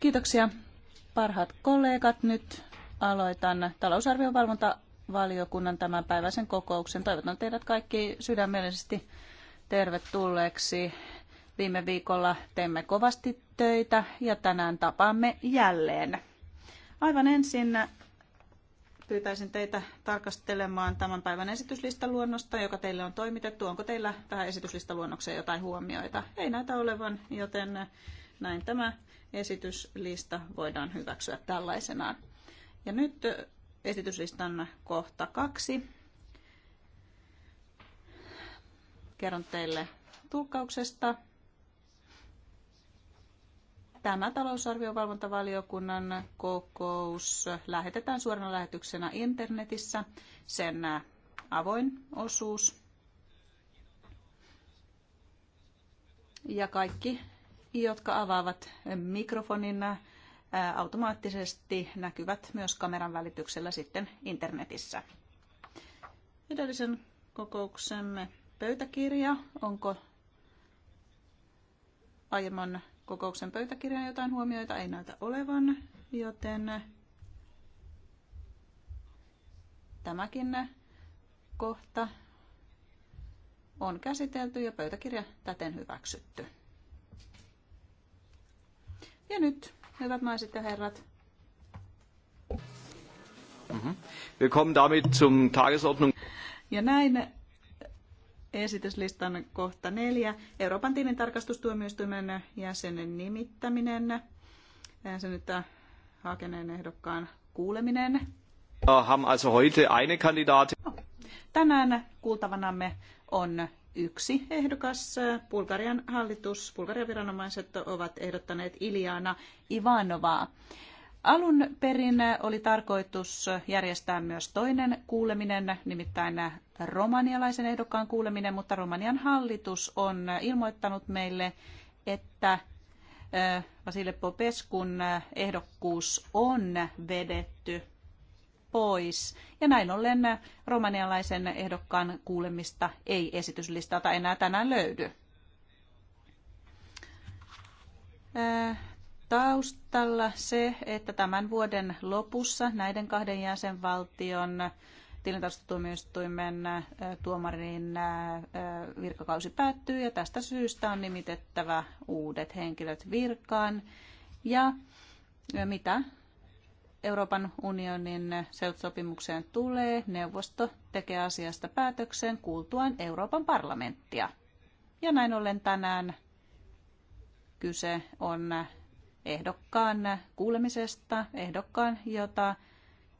Kiitoksia parhaat kollegat. Nyt aloitan talousarvion valvontavaliokunnan tämänpäiväisen kokouksen. Toivotan teidät kaikki sydämellisesti tervetulleeksi. Viime viikolla teimme kovasti töitä ja tänään tapaamme jälleen. Aivan ensin pyytäisin teitä tarkastelemaan tämän päivän esityslistaluonnosta, joka teille on toimitettu. Onko teillä tähän esityslistaluonnokseen jotain huomioita? Ei näitä olevan, joten näin tämä esityslista voidaan hyväksyä tällaisenaan. Ja nyt esityslistan kohta kaksi. Kerron teille tulkkauksesta. Tämä talousarviovalvontavaliokunnan kokous lähetetään suorana lähetyksenä internetissä. Sen avoin osuus. Ja kaikki jotka avaavat mikrofonin automaattisesti näkyvät myös kameran välityksellä sitten internetissä. Edellisen kokouksemme pöytäkirja. Onko aiemman kokouksen pöytäkirjaan jotain huomioita? Ei näytä olevan, joten tämäkin kohta on käsitelty ja pöytäkirja täten hyväksytty. Ja nyt, hyvät naiset ja herrat. mm Wir kommen damit zum Tagesordnung. Ja näin esityslistan kohta neljä. Euroopan tarkastustuomioistuimen jäsenen nimittäminen. Jäsenyyttä äh, äh, hakeneen ehdokkaan kuuleminen. Haben also heute eine Kandidatin. No. Tänään kuultavanamme on yksi ehdokas. Bulgarian hallitus, Bulgarian viranomaiset ovat ehdottaneet Iljana Ivanovaa. Alun perin oli tarkoitus järjestää myös toinen kuuleminen, nimittäin romanialaisen ehdokkaan kuuleminen, mutta Romanian hallitus on ilmoittanut meille, että eh, Vasile Popeskun eh, ehdokkuus on vedetty pois. Ja näin ollen romanialaisen ehdokkaan kuulemista ei esityslistalta enää tänään löydy. Äh, taustalla se, että tämän vuoden lopussa näiden kahden jäsenvaltion tilintarkastustuomioistuimen äh, tuomarin äh, virkakausi päättyy ja tästä syystä on nimitettävä uudet henkilöt virkaan. Ja mitä Euroopan unionin seutusopimukseen tulee, neuvosto tekee asiasta päätöksen kuultuaan Euroopan parlamenttia. Ja näin ollen tänään kyse on ehdokkaan kuulemisesta, ehdokkaan, jota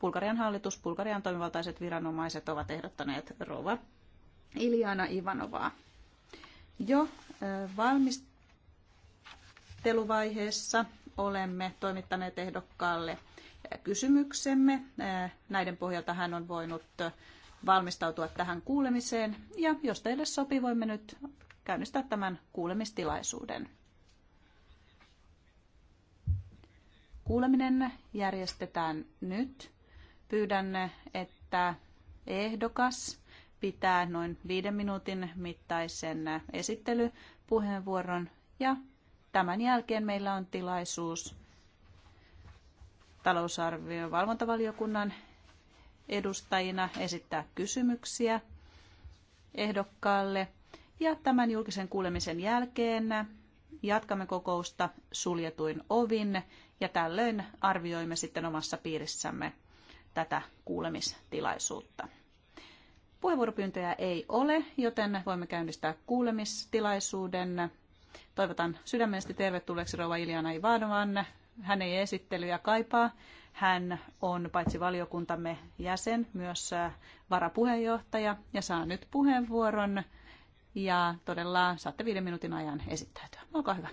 Bulgarian hallitus, Bulgarian toimivaltaiset viranomaiset ovat ehdottaneet rova Iljana Ivanovaa. Jo valmisteluvaiheessa olemme toimittaneet ehdokkaalle kysymyksemme. Näiden pohjalta hän on voinut valmistautua tähän kuulemiseen. Ja jos teille sopii, voimme nyt käynnistää tämän kuulemistilaisuuden. Kuuleminen järjestetään nyt. Pyydän, että ehdokas pitää noin viiden minuutin mittaisen esittelypuheenvuoron ja tämän jälkeen meillä on tilaisuus talousarvion valvontavaliokunnan edustajina esittää kysymyksiä ehdokkaalle. Ja tämän julkisen kuulemisen jälkeen jatkamme kokousta suljetuin ovin ja tällöin arvioimme sitten omassa piirissämme tätä kuulemistilaisuutta. Puheenvuoropyyntöjä ei ole, joten voimme käynnistää kuulemistilaisuuden. Toivotan sydämellisesti tervetulleeksi rouva Iljana Ivanovan, hän ei esittelyjä kaipaa. Hän on paitsi valiokuntamme jäsen, myös äh, varapuheenjohtaja ja saa nyt puheenvuoron. Ja todella saatte viiden minuutin ajan esittäytyä. Olkaa hyvä.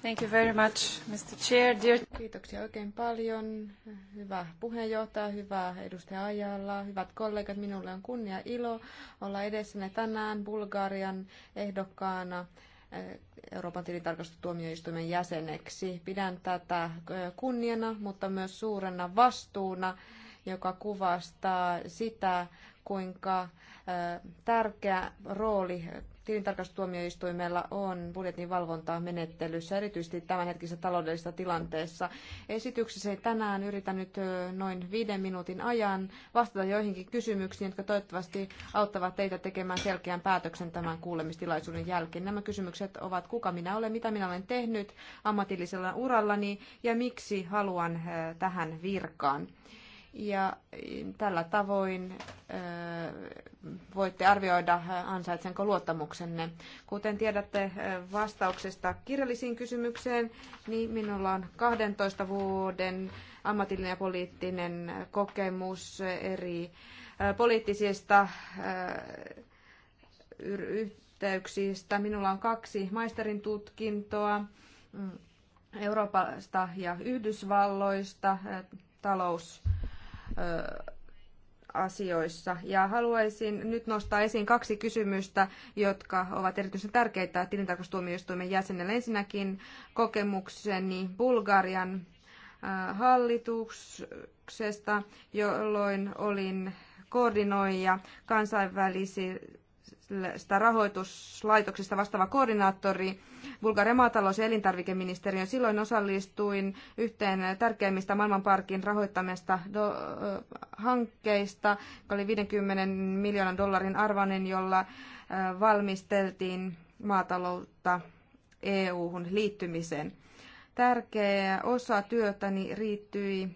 Thank you very much, Mr. Chair. Dear... Kiitoksia oikein paljon. Hyvä puheenjohtaja, hyvä edustaja Ajalla, hyvät kollegat. Minulle on kunnia ilo olla edessäne tänään Bulgarian ehdokkaana Euroopan tilintarkastustuomioistuimen jäseneksi. Pidän tätä kunniana, mutta myös suurena vastuuna, joka kuvastaa sitä, kuinka tärkeä rooli tilintarkastustuomioistuimella on budjetin valvontaa menettelyssä, erityisesti tämänhetkisessä taloudellisessa tilanteessa. Esityksessä tänään yritän nyt noin viiden minuutin ajan vastata joihinkin kysymyksiin, jotka toivottavasti auttavat teitä tekemään selkeän päätöksen tämän kuulemistilaisuuden jälkeen. Nämä kysymykset ovat kuka minä olen, mitä minä olen tehnyt ammatillisella urallani ja miksi haluan tähän virkaan. Ja mm, tällä tavoin voitte arvioida, ansaitsenko luottamuksenne. Kuten tiedätte vastauksesta kirjallisiin kysymykseen, niin minulla on 12 vuoden ammatillinen ja poliittinen kokemus eri poliittisista yhteyksistä. Minulla on kaksi maisterin tutkintoa mm, Euroopasta ja Yhdysvalloista, talous- asioissa. Ja haluaisin nyt nostaa esiin kaksi kysymystä, jotka ovat erityisen tärkeitä tilintarkastustuomioistuimen jäsenelle. Ensinnäkin kokemukseni Bulgarian hallituksesta, jolloin olin koordinoija kansainvälisiä sitä rahoituslaitoksista vastaava koordinaattori Bulgarian maatalous- ja elintarvikeministeriön. Silloin osallistuin yhteen tärkeimmistä Maailmanparkin rahoittamista hankkeista, joka oli 50 miljoonan dollarin arvoinen, jolla valmisteltiin maataloutta EU-hun liittymiseen. Tärkeä osa työtäni riittyi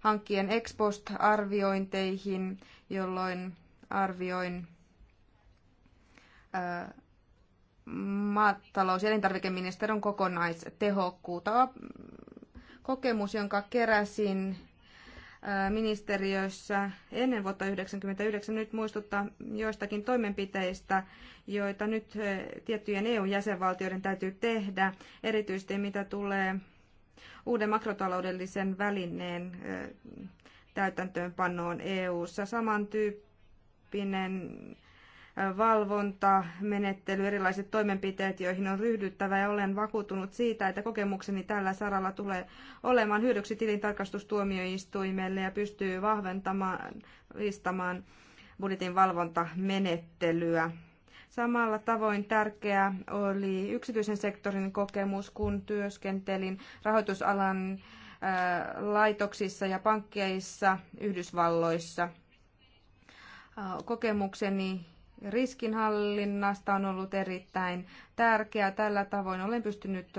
hankkien ex post-arviointeihin, jolloin arvioin maatalous- ja elintarvikeministeriön kokonaistehokkuutta. Kokemus, jonka keräsin ministeriössä ennen vuotta 1999 nyt muistuttaa joistakin toimenpiteistä, joita nyt tiettyjen EU-jäsenvaltioiden täytyy tehdä, erityisesti mitä tulee uuden makrotaloudellisen välineen täytäntöönpanoon EU-ssa. Samantyyppinen valvontamenettely, erilaiset toimenpiteet, joihin on ryhdyttävä ja olen vakuutunut siitä, että kokemukseni tällä saralla tulee olemaan hyödyksi tilintarkastustuomioistuimelle ja pystyy vahventamaan, listamaan budjetin valvontamenettelyä. Samalla tavoin tärkeää oli yksityisen sektorin kokemus, kun työskentelin rahoitusalan äh, laitoksissa ja pankkeissa Yhdysvalloissa. Äh, kokemukseni riskinhallinnasta on ollut erittäin tärkeää. Tällä tavoin olen pystynyt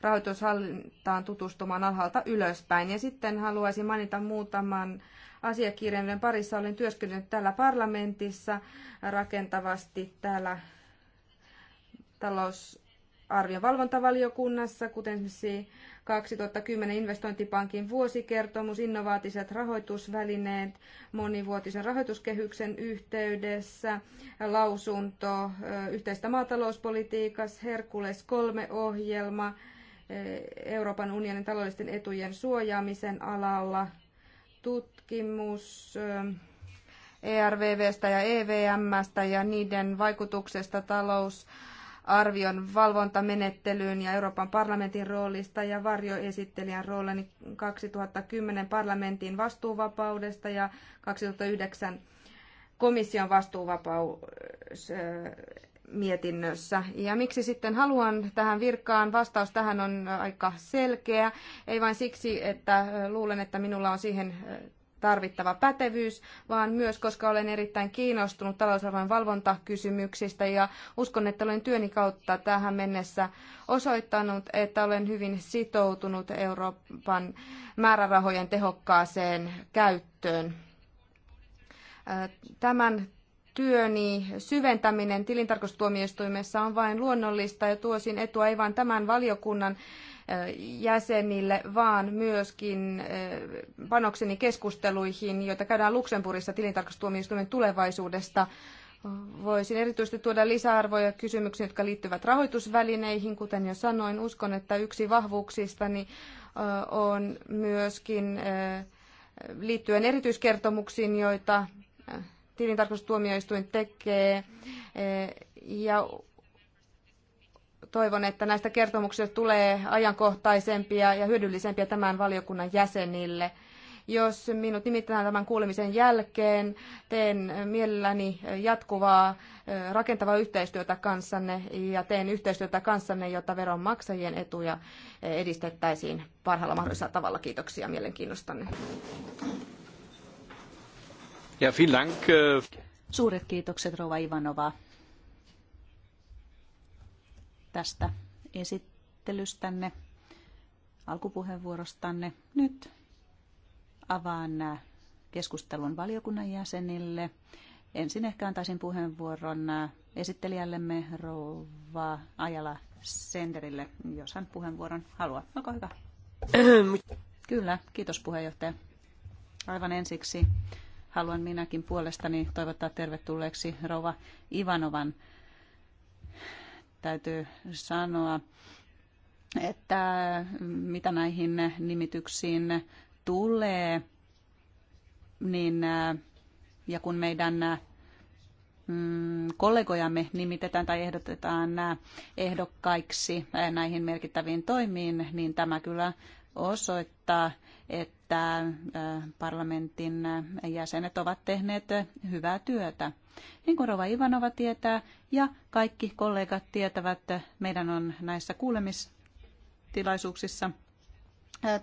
rahoitushallintaan tutustumaan alhaalta ylöspäin. Ja sitten haluaisin mainita muutaman asiakirjan, parissa olen työskennellyt täällä parlamentissa rakentavasti täällä talous arvion valvontavaliokunnassa, kuten esimerkiksi 2010 investointipankin vuosikertomus, innovaatiset rahoitusvälineet monivuotisen rahoituskehyksen yhteydessä, lausunto yhteistä maatalouspolitiikas, Herkules 3-ohjelma, Euroopan unionin taloudellisten etujen suojaamisen alalla, tutkimus, ERVVstä ja EVMstä ja niiden vaikutuksesta talous arvion valvontamenettelyyn ja Euroopan parlamentin roolista ja varjoesittelijän roolini 2010 parlamentin vastuuvapaudesta ja 2009 komission vastuuvapaus mietinnössä. Ja miksi sitten haluan tähän virkaan? Vastaus tähän on aika selkeä. Ei vain siksi, että luulen, että minulla on siihen tarvittava pätevyys, vaan myös koska olen erittäin kiinnostunut talousarvojen valvontakysymyksistä ja uskon, että olen työni kautta tähän mennessä osoittanut, että olen hyvin sitoutunut Euroopan määrärahojen tehokkaaseen käyttöön. Tämän työni syventäminen tilintarkastustuomioistuimessa on vain luonnollista ja tuosin etua ei vain tämän valiokunnan jäsenille, vaan myöskin panokseni keskusteluihin, joita käydään Luxemburgissa tilintarkastustuomioistuimen tulevaisuudesta. Voisin erityisesti tuoda lisäarvoja kysymyksiin, jotka liittyvät rahoitusvälineihin. Kuten jo sanoin, uskon, että yksi vahvuuksistani on myöskin liittyen erityiskertomuksiin, joita tilintarkastustuomioistuin tekee. Ja toivon, että näistä kertomuksista tulee ajankohtaisempia ja hyödyllisempiä tämän valiokunnan jäsenille. Jos minut nimitetään tämän kuulemisen jälkeen, teen mielelläni jatkuvaa rakentavaa yhteistyötä kanssanne ja teen yhteistyötä kanssanne, jotta veronmaksajien etuja edistettäisiin parhaalla mahdollisella tavalla. Kiitoksia mielenkiinnostanne. Ja, Suuret kiitokset, Rova Ivanova tästä esittelystänne, alkupuheenvuorostanne. Nyt avaan keskustelun valiokunnan jäsenille. Ensin ehkä antaisin puheenvuoron esittelijällemme Rouva Ajala Senderille, jos hän puheenvuoron haluaa. Olkaa hyvä. Kyllä, kiitos puheenjohtaja. Aivan ensiksi haluan minäkin puolestani toivottaa tervetulleeksi Rouva Ivanovan täytyy sanoa, että mitä näihin nimityksiin tulee, niin ja kun meidän Mm, kollegojamme nimitetään tai ehdotetaan ehdokkaiksi näihin merkittäviin toimiin, niin tämä kyllä osoittaa, että parlamentin jäsenet ovat tehneet hyvää työtä. Niin kuin Rova Ivanova tietää ja kaikki kollegat tietävät, meidän on näissä kuulemistilaisuuksissa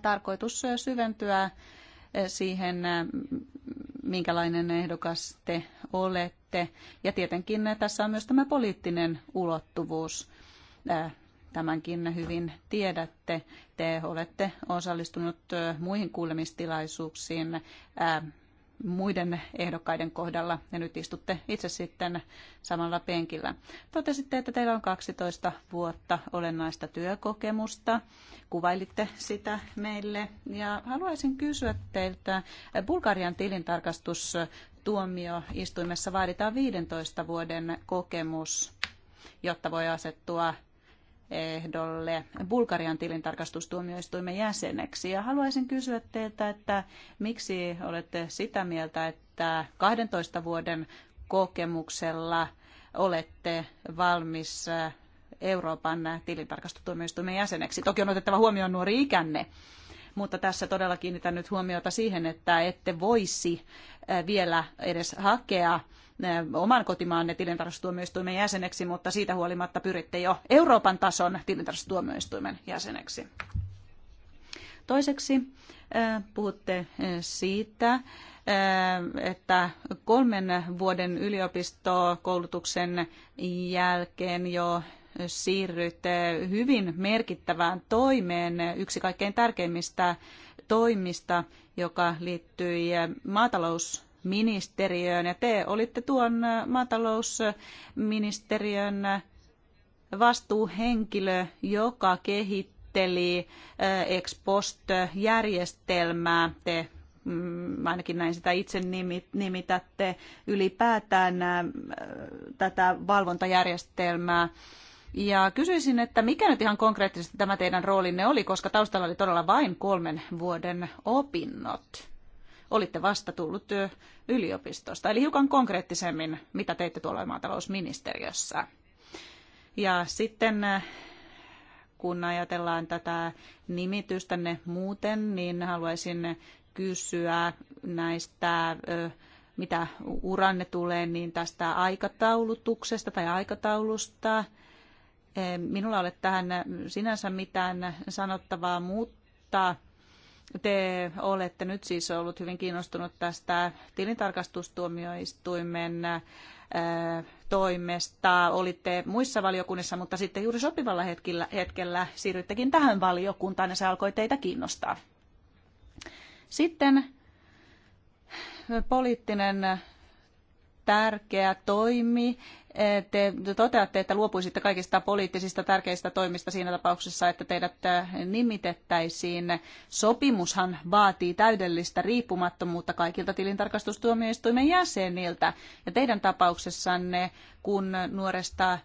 tarkoitus syventyä siihen, minkälainen ehdokas te olette aloite. Ja tietenkin tässä on myös tämä poliittinen ulottuvuus. Tämänkin hyvin tiedätte. Te olette osallistunut muihin kuulemistilaisuuksiin muiden ehdokkaiden kohdalla ja nyt istutte itse sitten samalla penkillä. Totesitte, että teillä on 12 vuotta olennaista työkokemusta. Kuvailitte sitä meille ja haluaisin kysyä teiltä Bulgarian tilintarkastus tuomioistuimessa vaaditaan 15 vuoden kokemus, jotta voi asettua ehdolle Bulgarian tilintarkastustuomioistuimen jäseneksi. Ja haluaisin kysyä teiltä, että miksi olette sitä mieltä, että 12 vuoden kokemuksella olette valmis Euroopan tilintarkastustuomioistuimen jäseneksi. Toki on otettava huomioon nuori ikänne, mutta tässä todella kiinnitän nyt huomiota siihen, että ette voisi äh, vielä edes hakea äh, oman kotimaanne tilintarkastustuomioistuimen jäseneksi, mutta siitä huolimatta pyritte jo Euroopan tason tilintarkastustuomioistuimen jäseneksi. Toiseksi äh, puhutte siitä, että kolmen vuoden yliopistokoulutuksen jälkeen jo siirrytte eh, hyvin merkittävään toimeen, yksi kaikkein tärkeimmistä toimista, joka liittyi eh, maatalousministeriöön. Ja te olitte tuon eh, maatalousministeriön vastuuhenkilö, joka kehitteli ex post-järjestelmää. Te mm, ainakin näin sitä itse nimitätte ylipäätään tätä valvontajärjestelmää ja kysyisin, että mikä nyt ihan konkreettisesti tämä teidän roolinne oli, koska taustalla oli todella vain kolmen vuoden opinnot. Olitte vasta tullut yliopistosta, eli hiukan konkreettisemmin, mitä teitte tuolla maatalousministeriössä. Ja sitten kun ajatellaan tätä nimitystänne muuten, niin haluaisin kysyä näistä, mitä uranne tulee, niin tästä aikataulutuksesta tai aikataulusta – Eh, minulla ole tähän sinänsä mitään sanottavaa, mutta te olette nyt siis ollut hyvin kiinnostunut tästä tilintarkastustuomioistuimen eh, toimesta. Olitte muissa valiokunnissa, mutta sitten juuri sopivalla hetkellä, hetkellä siirryttekin tähän valiokuntaan ja se alkoi teitä kiinnostaa. Sitten poliittinen tärkeä toimi. Eh, te toteatte, että luopuisitte kaikista poliittisista tärkeistä toimista siinä tapauksessa, että teidät eh, nimitettäisiin. Sopimushan vaatii täydellistä riippumattomuutta kaikilta tilintarkastustuomioistuimen jäseniltä. Ja teidän tapauksessanne, kun nuoresta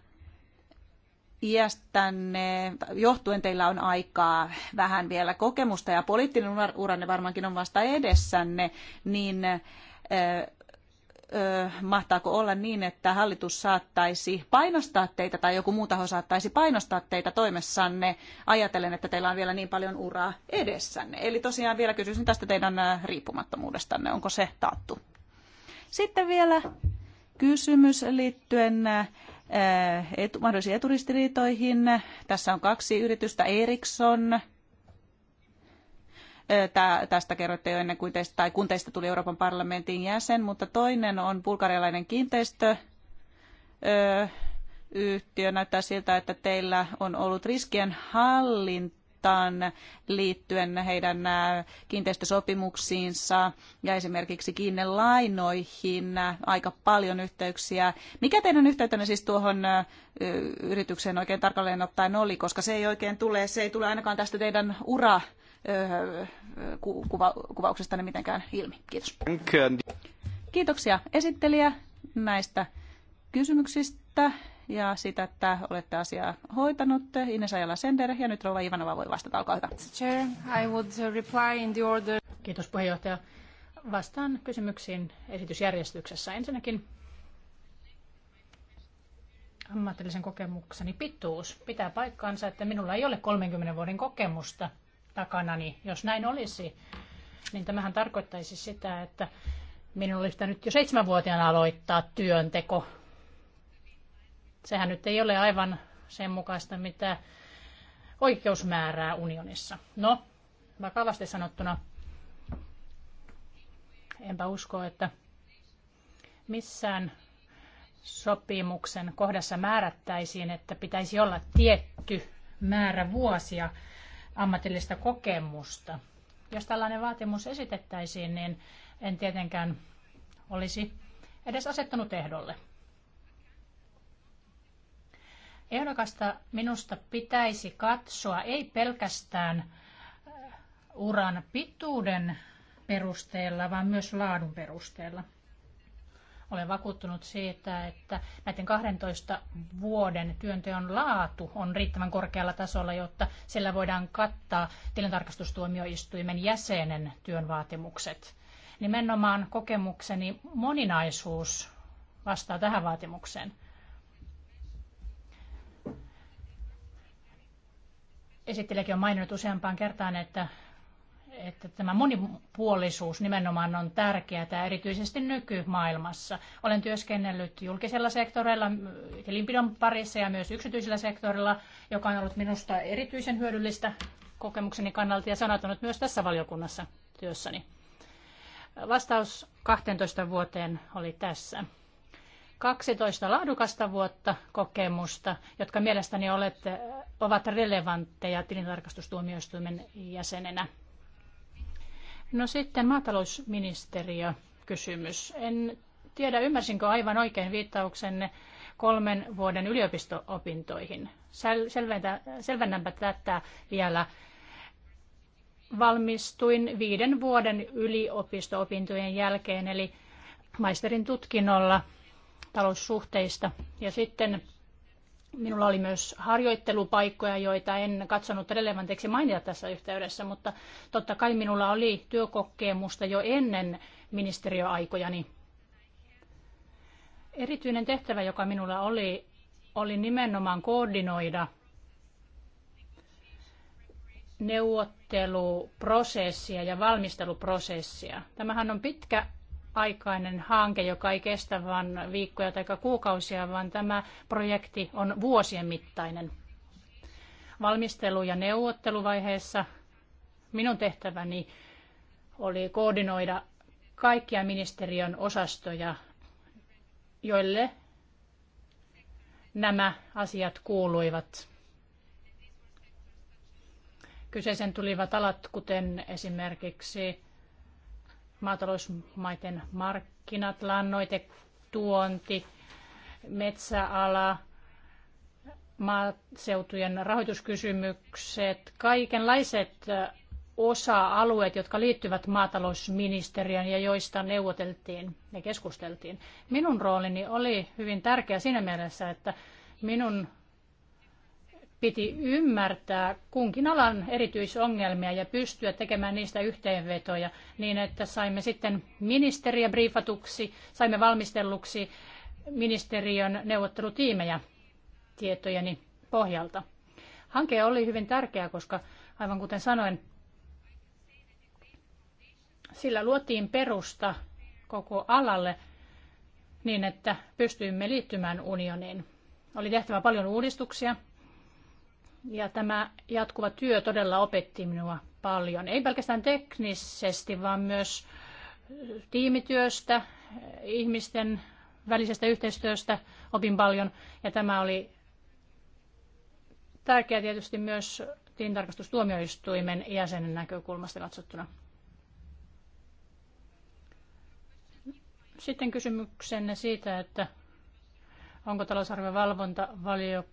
iästänne johtuen teillä on aikaa vähän vielä kokemusta ja poliittinen uranne varmaankin on vasta edessänne, niin eh, mahtaako olla niin, että hallitus saattaisi painostaa teitä tai joku muu taho saattaisi painostaa teitä toimessanne ajatellen, että teillä on vielä niin paljon uraa edessänne. Eli tosiaan vielä kysyisin tästä teidän riippumattomuudestanne, onko se taattu? Sitten vielä kysymys liittyen etu, mahdollisiin eturistiriitoihin. Tässä on kaksi yritystä, Ericsson Tästä kerroitte jo ennen kuin teistä, tai kun teistä tuli Euroopan parlamentin jäsen, mutta toinen on bulgarialainen kiinteistö yhtiö. Näyttää siltä, että teillä on ollut riskien hallintaan liittyen heidän kiinteistösopimuksiinsa ja esimerkiksi lainoihin aika paljon yhteyksiä. Mikä teidän yhteytenne siis tuohon yritykseen oikein tarkalleen ottaen oli, koska se ei oikein tule, se ei tule ainakaan tästä teidän ura Öö, kuva, ne mitenkään ilmi. Kiitos. Kiitoksia esittelijä näistä kysymyksistä ja sitä, että olette asiaa hoitanut. Ines Ajala Sender ja nyt Rova Ivanova voi vastata. Olkaa hyvä. Chair, I would reply in the order. Kiitos puheenjohtaja. Vastaan kysymyksiin esitysjärjestyksessä. Ensinnäkin ammatillisen kokemukseni pituus. Pitää paikkaansa, että minulla ei ole 30 vuoden kokemusta – takanani. Jos näin olisi, niin tämähän tarkoittaisi sitä, että minun olisi nyt jo seitsemänvuotiaana aloittaa työnteko. Sehän nyt ei ole aivan sen mukaista, mitä oikeusmäärää unionissa. No, vakavasti sanottuna, enpä usko, että missään sopimuksen kohdassa määrättäisiin, että pitäisi olla tietty määrä vuosia ammatillista kokemusta. Jos tällainen vaatimus esitettäisiin, niin en tietenkään olisi edes asettanut ehdolle. Ehdokasta minusta pitäisi katsoa ei pelkästään äh, uran pituuden perusteella, vaan myös laadun perusteella. Olen vakuuttunut siitä, että näiden 12 vuoden työnteon laatu on riittävän korkealla tasolla, jotta sillä voidaan kattaa tilintarkastustuomioistuimen jäsenen työn vaatimukset. Nimenomaan kokemukseni moninaisuus vastaa tähän vaatimukseen. esittelijäkin on maininnut useampaan kertaan, että että tämä monipuolisuus nimenomaan on tärkeää, erityisesti nykymaailmassa. Olen työskennellyt julkisella sektorilla, tilinpidon parissa ja myös yksityisellä sektorilla, joka on ollut minusta erityisen hyödyllistä kokemukseni kannalta ja sanoutunut myös tässä valiokunnassa työssäni. Vastaus 12 vuoteen oli tässä. 12 laadukasta vuotta kokemusta, jotka mielestäni olette ovat relevantteja tilintarkastustuomioistuimen jäsenenä. No sitten maatalousministeriö kysymys. En tiedä, ymmärsinkö aivan oikein viittauksenne kolmen vuoden yliopisto-opintoihin. selvennänpä tätä vielä. Valmistuin viiden vuoden yliopisto-opintojen jälkeen, eli maisterin tutkinnolla taloussuhteista. Ja sitten Minulla oli myös harjoittelupaikkoja, joita en katsonut relevanteiksi mainita tässä yhteydessä, mutta totta kai minulla oli työkokemusta jo ennen ministeriöaikojani. Erityinen tehtävä, joka minulla oli, oli nimenomaan koordinoida neuvotteluprosessia ja valmisteluprosessia. Tämähän on pitkä aikainen hanke, joka ei kestä vain viikkoja tai kuukausia, vaan tämä projekti on vuosien mittainen. Valmistelu- ja neuvotteluvaiheessa minun tehtäväni oli koordinoida kaikkia ministeriön osastoja, joille nämä asiat kuuluivat. Kyseisen tulivat alat, kuten esimerkiksi maatalousmaiden markkinat, lannoite, tuonti, metsäala, maaseutujen rahoituskysymykset, kaikenlaiset osa-alueet, jotka liittyvät maatalousministeriön ja joista neuvoteltiin ja keskusteltiin. Minun roolini oli hyvin tärkeä siinä mielessä, että minun piti ymmärtää kunkin alan erityisongelmia ja pystyä tekemään niistä yhteenvetoja niin, että saimme sitten ministeriä briefatuksi, saimme valmistelluksi ministeriön neuvottelutiimejä tietojeni pohjalta. Hanke oli hyvin tärkeä, koska aivan kuten sanoin, sillä luotiin perusta koko alalle niin, että pystyimme liittymään unioniin. Oli tehtävä paljon uudistuksia, ja tämä jatkuva työ todella opetti minua paljon. Ei pelkästään teknisesti, vaan myös tiimityöstä, ihmisten välisestä yhteistyöstä opin paljon. Ja tämä oli tärkeää tietysti myös tilintarkastustuomioistuimen jäsenen näkökulmasta katsottuna. Sitten kysymyksenne siitä, että onko talousarvion valvontavaliokunta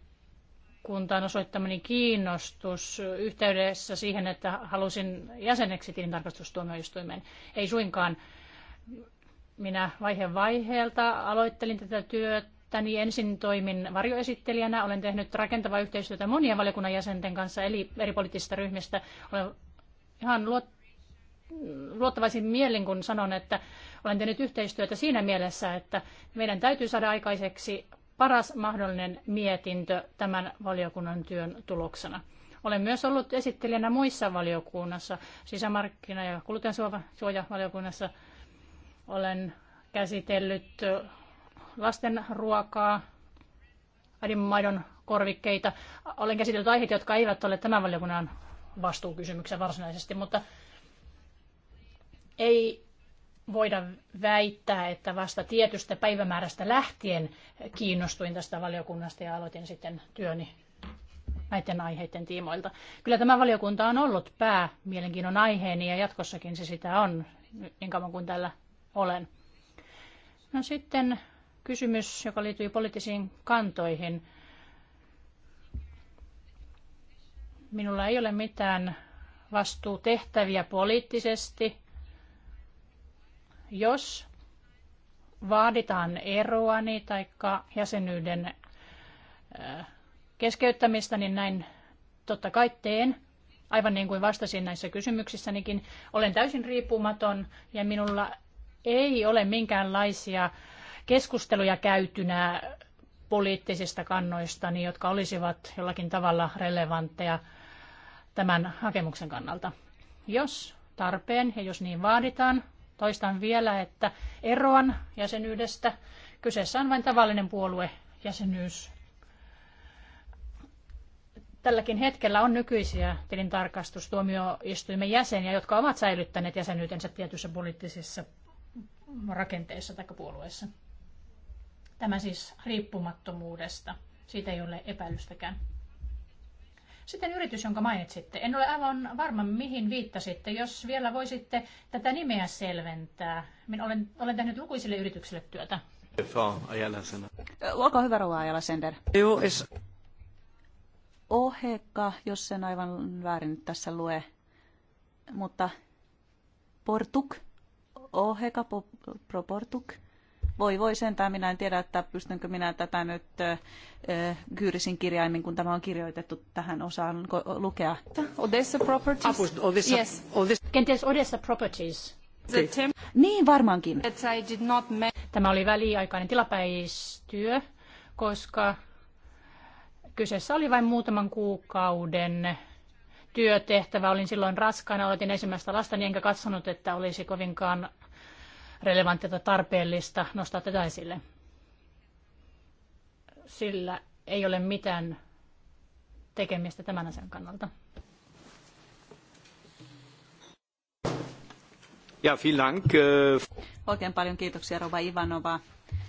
valiokuntaan osoittamani kiinnostus yhteydessä siihen, että halusin jäseneksi tilintarkastustuomioistuimeen. Ei suinkaan. Minä vaihe vaiheelta aloittelin tätä työtä niin Ensin toimin varjoesittelijänä. Olen tehnyt rakentavaa yhteistyötä monien valiokunnan jäsenten kanssa, eli eri poliittisista ryhmistä. Olen ihan luottavaisin mielin, kun sanon, että olen tehnyt yhteistyötä siinä mielessä, että meidän täytyy saada aikaiseksi paras mahdollinen mietintö tämän valiokunnan työn tuloksena. Olen myös ollut esittelijänä muissa valiokunnassa, sisämarkkina- ja kuluttajansuojavaliokunnassa. Olen käsitellyt lasten ruokaa, äidinmaidon korvikkeita. Olen käsitellyt aiheita, jotka eivät ole tämän valiokunnan vastuukysymyksen varsinaisesti, mutta ei voida väittää, että vasta tietystä päivämäärästä lähtien kiinnostuin tästä valiokunnasta ja aloitin sitten työni näiden aiheiden tiimoilta. Kyllä tämä valiokunta on ollut pää mielenkiinnon aiheeni ja jatkossakin se sitä on, niin kauan kuin täällä olen. No sitten kysymys, joka liittyy poliittisiin kantoihin. Minulla ei ole mitään vastuutehtäviä poliittisesti – jos vaaditaan eroani niin tai jäsenyyden keskeyttämistä, niin näin totta kai teen. Aivan niin kuin vastasin näissä kysymyksissänikin, olen täysin riippumaton ja minulla ei ole minkäänlaisia keskusteluja käytynä poliittisista kannoistani, jotka olisivat jollakin tavalla relevantteja tämän hakemuksen kannalta. Jos tarpeen ja jos niin vaaditaan, Toistan vielä, että eroan jäsenyydestä. Kyseessä on vain tavallinen puolue jäsenyys. Tälläkin hetkellä on nykyisiä tilintarkastustuomioistuimen jäseniä, jotka ovat säilyttäneet jäsenyytensä tietyissä poliittisissa rakenteissa tai puolueissa. Tämä siis riippumattomuudesta. Siitä ei ole epäilystäkään. Sitten yritys, jonka mainitsitte. En ole aivan varma, mihin viittasitte. Jos vielä voisitte tätä nimeä selventää. Minä olen, olen tehnyt lukuisille yrityksille työtä. Olkaa hyvä, Rova Ajala Sender. Oheka, jos sen aivan väärin nyt tässä lue. Mutta Portuk, Oheka pro Portuk voi voi sentään, minä en tiedä, että pystynkö minä tätä nyt gyyrisin kirjaimin, kun tämä on kirjoitettu tähän osaan lukea. Odessa Properties. Apus, ah, Odessa, yes. Odessa. Kenties Odessa Properties. Niin varmaankin. Tämä oli väliaikainen tilapäistyö, koska kyseessä oli vain muutaman kuukauden työtehtävä. Olin silloin raskaana, aloitin ensimmäistä niin enkä katsonut, että olisi kovinkaan relevanttia tai tarpeellista nostaa tätä esille. Sillä ei ole mitään tekemistä tämän asian kannalta. Ja, Dank. Äh, Oikein paljon kiitoksia Rova Ivanova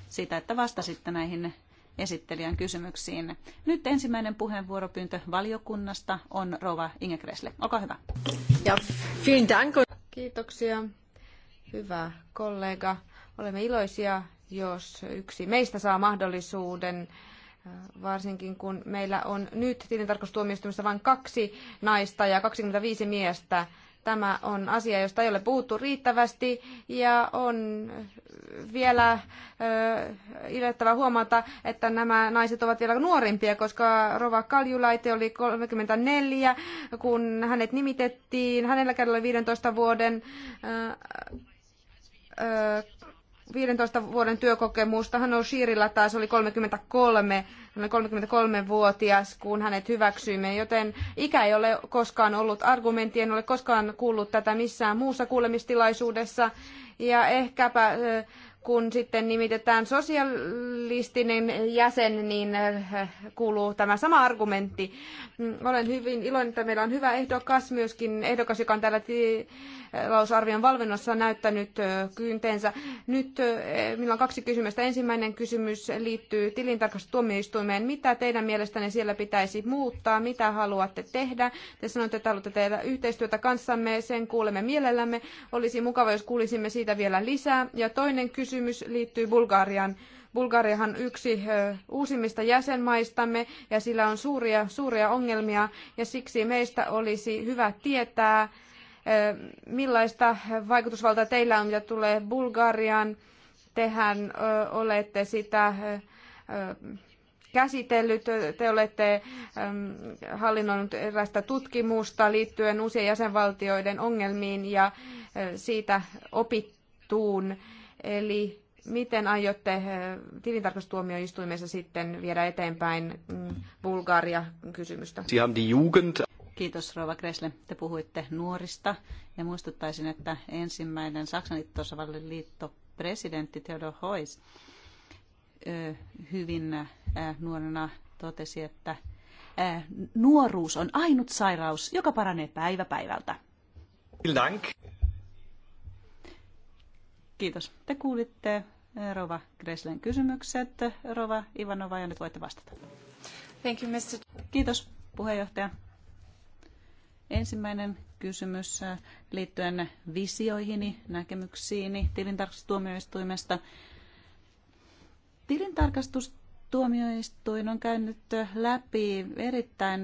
siitä, että vastasitte näihin esittelijän kysymyksiin. Nyt ensimmäinen puheenvuoropyyntö valiokunnasta on Rova Inge Kresle. Olkaa hyvä. Ja, vielen Dank. Kiitoksia Hyvä kollega, olemme iloisia, jos yksi meistä saa mahdollisuuden äh, varsinkin kun meillä on nyt tilintarkastustuomioistuimessa vain kaksi naista ja 25 miestä. Tämä on asia, josta ei ole puhuttu riittävästi ja on äh, vielä äh, huomata, että nämä naiset ovat vielä nuorimpia, koska Rova Kaljulaite oli 34, kun hänet nimitettiin. Hänellä kädellä 15 vuoden äh, 15 vuoden työkokemusta. Hän on Shirilla taas oli 33, hän oli 33-vuotias, kun hänet hyväksyimme, joten ikä ei ole koskaan ollut argumentti, en ole koskaan kuullut tätä missään muussa kuulemistilaisuudessa. Ja ehkäpä kun sitten nimitetään sosialistinen jäsen, niin äh, kuuluu tämä sama argumentti. Mm, olen hyvin iloinen, että meillä on hyvä ehdokas myöskin, ehdokas, joka on täällä tilausarvion valvennossa näyttänyt äh, kyyntensä. Nyt äh, minulla on kaksi kysymystä. Ensimmäinen kysymys liittyy tilintarkastustuomioistuimeen. Mitä teidän mielestänne siellä pitäisi muuttaa? Mitä haluatte tehdä? Te sanoitte, että haluatte tehdä yhteistyötä kanssamme. Sen kuulemme mielellämme. Olisi mukava, jos kuulisimme siitä vielä lisää. Ja toinen kysymys kysymys liittyy Bulgarian. Bulgariahan yksi uusimmista jäsenmaistamme ja sillä on suuria, suuria ongelmia ja siksi meistä olisi hyvä tietää, millaista vaikutusvaltaa teillä on, mitä tulee Bulgarian. Tehän olette sitä käsitellyt. Te olette hallinnoinut erilaista tutkimusta liittyen uusien jäsenvaltioiden ongelmiin ja siitä opittuun. Eli miten aiotte eh, tilintarkastustuomioistuimessa sitten viedä eteenpäin mm, Bulgaria-kysymystä? Kiitos Rova Kresle. Te puhuitte nuorista ja muistuttaisin, että ensimmäinen Saksan liittosavallinen liitto presidentti Theodor Heuss hyvin nuorena totesi, että nuoruus on ainut sairaus, joka paranee päivä päivältä. Dank. Kiitos. Te kuulitte eh, Rova Greslen kysymykset. Rova Ivanova, ja nyt voitte vastata. Thank you, Mr. Kiitos, puheenjohtaja. Ensimmäinen kysymys eh, liittyen visioihini, näkemyksiini tilintarkastustuomioistuimesta. Tilintarkastustuomioistuin on käynyt eh, läpi erittäin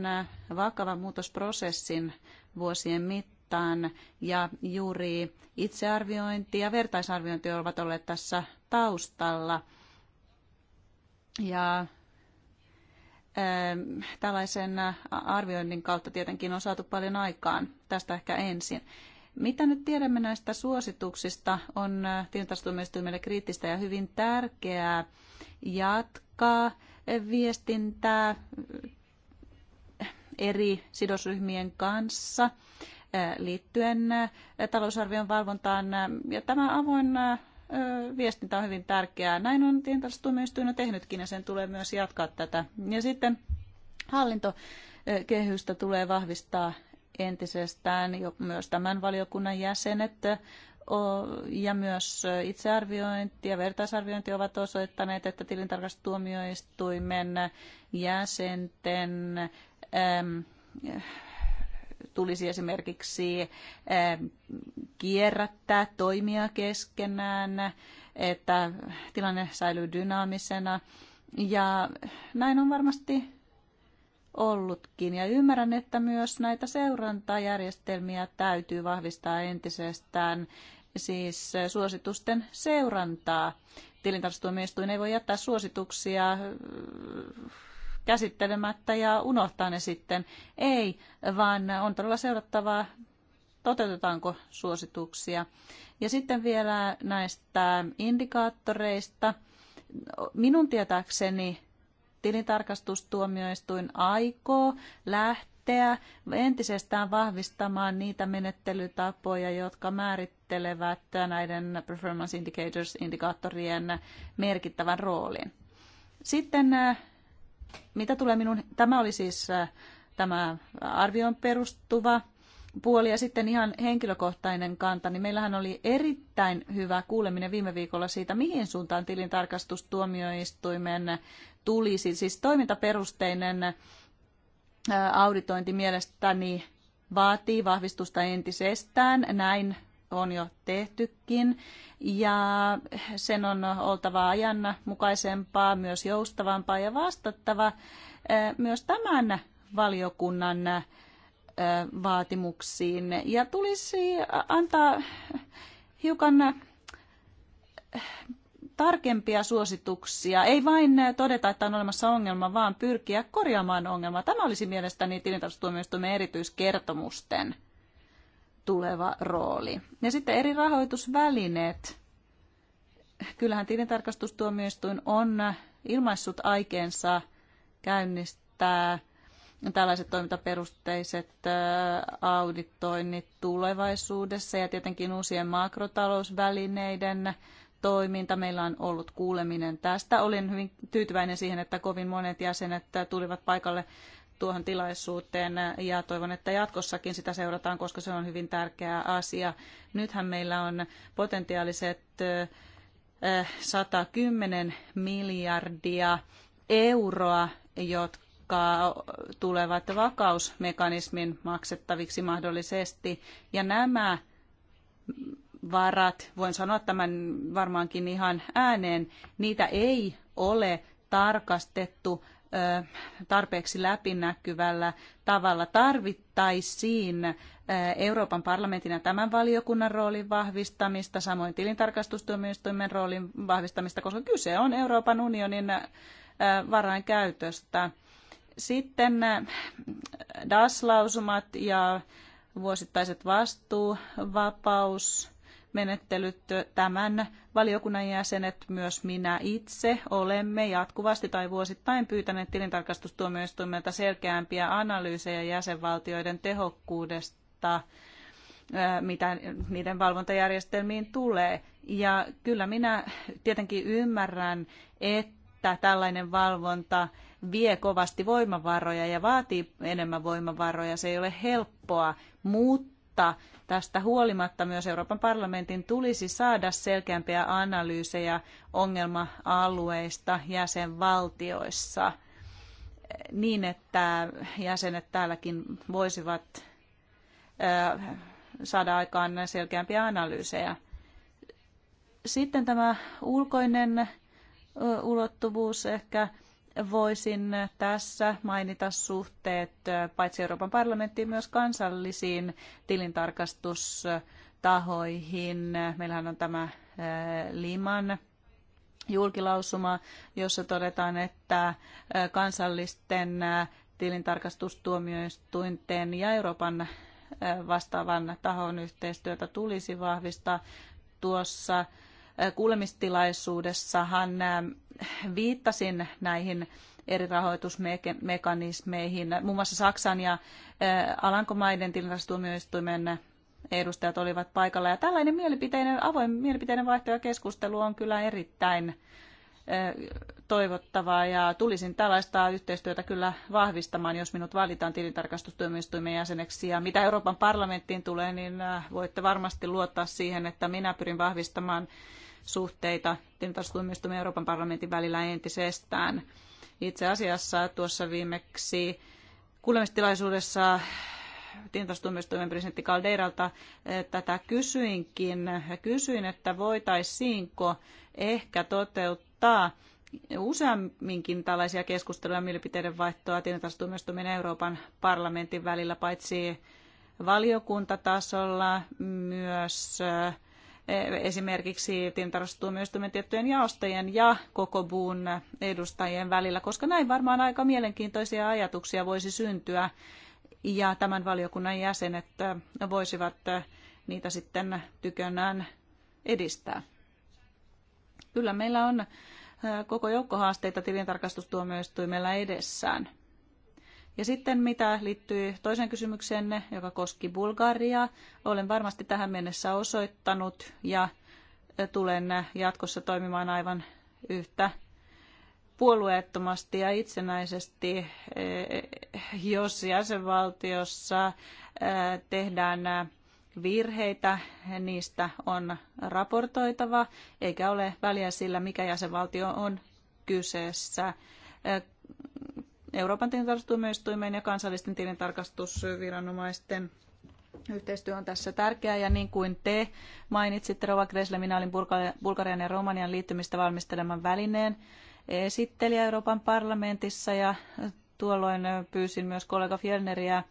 vakavan muutosprosessin vuosien mittaan toimintaan ja juuri itsearviointi ja vertaisarviointi ovat olleet tässä taustalla. Ja ähm, tällaisen arvioinnin kautta tietenkin on saatu paljon aikaan. Tästä ehkä ensin. Mitä nyt tiedämme näistä suosituksista, on äh, tilintarkastustuomioistuimelle kriittistä ja hyvin tärkeää jatkaa viestintää äh, eri sidosryhmien kanssa liittyen talousarvion valvontaan. Ja tämä avoin viestintä on hyvin tärkeää. Näin on tientarastuomioistuin tehnytkin ja sen tulee myös jatkaa tätä. Ja sitten hallintokehystä tulee vahvistaa entisestään jo myös tämän valiokunnan jäsenet ja myös itsearviointi ja vertaisarviointi ovat osoittaneet, että tilintarkastustuomioistuimen jäsenten tulisi esimerkiksi eh, kierrättää toimia keskenään, että tilanne säilyy dynaamisena. Ja näin on varmasti ollutkin. Ja ymmärrän, että myös näitä seurantajärjestelmiä täytyy vahvistaa entisestään, siis eh, suositusten seurantaa. Tilintarkastustuomioistuin ei voi jättää suosituksia eh, käsittelemättä ja unohtaa ne sitten. Ei, vaan on todella seurattavaa, toteutetaanko suosituksia. Ja sitten vielä näistä indikaattoreista. Minun tietääkseni tilintarkastustuomioistuin aikoo lähteä entisestään vahvistamaan niitä menettelytapoja, jotka määrittelevät näiden performance indicators indikaattorien merkittävän roolin. Sitten äh, mitä tulee minun, tämä oli siis äh, tämä arvioon perustuva puoli ja sitten ihan henkilökohtainen kanta, niin meillähän oli erittäin hyvä kuuleminen viime viikolla siitä, mihin suuntaan tilintarkastustuomioistuimen tulisi. Siis toimintaperusteinen äh, auditointi mielestäni vaatii vahvistusta entisestään. Näin on jo tehtykin ja sen on oltava ajan mukaisempaa, myös joustavampaa ja vastattava eh, myös tämän valiokunnan eh, vaatimuksiin ja tulisi antaa hiukan eh, tarkempia suosituksia. Ei vain todeta, että on olemassa ongelma, vaan pyrkiä korjaamaan ongelmaa. Tämä olisi mielestäni tilintarkastustuomioistuimen erityiskertomusten tuleva rooli. Ja sitten eri rahoitusvälineet. Kyllähän tilintarkastustuomioistuin on ilmaissut aikeensa käynnistää tällaiset toimintaperusteiset auditoinnit tulevaisuudessa ja tietenkin uusien makrotalousvälineiden toiminta. Meillä on ollut kuuleminen tästä. Olin hyvin tyytyväinen siihen, että kovin monet jäsenet tulivat paikalle tuohon tilaisuuteen ja toivon, että jatkossakin sitä seurataan, koska se on hyvin tärkeä asia. Nythän meillä on potentiaaliset 110 eh, miljardia euroa, jotka tulevat vakausmekanismin maksettaviksi mahdollisesti. Ja nämä varat, voin sanoa tämän varmaankin ihan ääneen, niitä ei ole tarkastettu tarpeeksi läpinäkyvällä tavalla. Tarvittaisiin Euroopan parlamentin ja tämän valiokunnan roolin vahvistamista, samoin tilintarkastustuomioistuimen roolin vahvistamista, koska kyse on Euroopan unionin varainkäytöstä. Sitten DAS-lausumat ja vuosittaiset vastuuvapaus menettelyt. Tämän valiokunnan jäsenet, myös minä itse, olemme jatkuvasti tai vuosittain pyytäneet tilintarkastustuomioistuimelta selkeämpiä analyysejä jäsenvaltioiden tehokkuudesta mitä niiden valvontajärjestelmiin tulee. Ja kyllä minä tietenkin ymmärrän, että tällainen valvonta vie kovasti voimavaroja ja vaatii enemmän voimavaroja. Se ei ole helppoa, mutta mutta tästä huolimatta myös Euroopan parlamentin tulisi saada selkeämpiä analyysejä ongelma-alueista jäsenvaltioissa eh, niin, että jäsenet täälläkin voisivat eh, saada aikaan selkeämpiä analyysejä. Sitten tämä ulkoinen eh, ulottuvuus ehkä voisin tässä mainita suhteet paitsi Euroopan parlamenttiin myös kansallisiin tilintarkastustahoihin. Meillähän on tämä Liman julkilausuma, jossa todetaan, että kansallisten tilintarkastustuomioistuinten ja Euroopan vastaavan tahon yhteistyötä tulisi vahvistaa tuossa kuulemistilaisuudessahan ähm, viittasin näihin eri rahoitusmekanismeihin. Muun muassa Saksan ja äh, Alankomaiden tilintarkastustuomioistuimen edustajat olivat paikalla. Ja tällainen mielipiteinen, avoin mielipiteinen vaihto ja keskustelu on kyllä erittäin äh, toivottavaa ja tulisin tällaista yhteistyötä kyllä vahvistamaan, jos minut valitaan tilintarkastustuomioistuimen jäseneksi. Ja mitä Euroopan parlamenttiin tulee, niin äh, voitte varmasti luottaa siihen, että minä pyrin vahvistamaan suhteita tilintarkastustuomioistuimen Euroopan parlamentin välillä entisestään. Itse asiassa tuossa viimeksi kuulemistilaisuudessa tilintarkastustuomioistuimen presidentti Caldeiralta eh, tätä kysyinkin. Kysyin, että voitaisiinko ehkä toteuttaa useamminkin tällaisia keskusteluja ja mielipiteiden vaihtoa tilintarkastustuomioistuimen Euroopan parlamentin välillä, paitsi valiokuntatasolla myös eh, esimerkiksi tilintarkastustuomioistuimen tiettyjen jaostojen ja koko buun edustajien välillä, koska näin varmaan aika mielenkiintoisia ajatuksia voisi syntyä ja tämän valiokunnan jäsenet voisivat niitä sitten tykönään edistää. Kyllä meillä on koko joukko haasteita tilintarkastustuomioistuimella edessään. Ja sitten mitä liittyy toiseen kysymykseenne, joka koski Bulgariaa, olen varmasti tähän mennessä osoittanut ja tulen jatkossa toimimaan aivan yhtä puolueettomasti ja itsenäisesti, jos jäsenvaltiossa tehdään virheitä, niistä on raportoitava, eikä ole väliä sillä, mikä jäsenvaltio on kyseessä. Euroopan tilintarkastustuomioistuimen ja kansallisten tilintarkastusviranomaisten Yhteistyö on tässä tärkeää ja niin kuin te mainitsitte, Rova Kresle, minä olin Bulgarian ja Romanian liittymistä valmisteleman välineen esittelijä Euroopan parlamentissa ja tuolloin pyysin myös kollega Fjellneriä